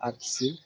a si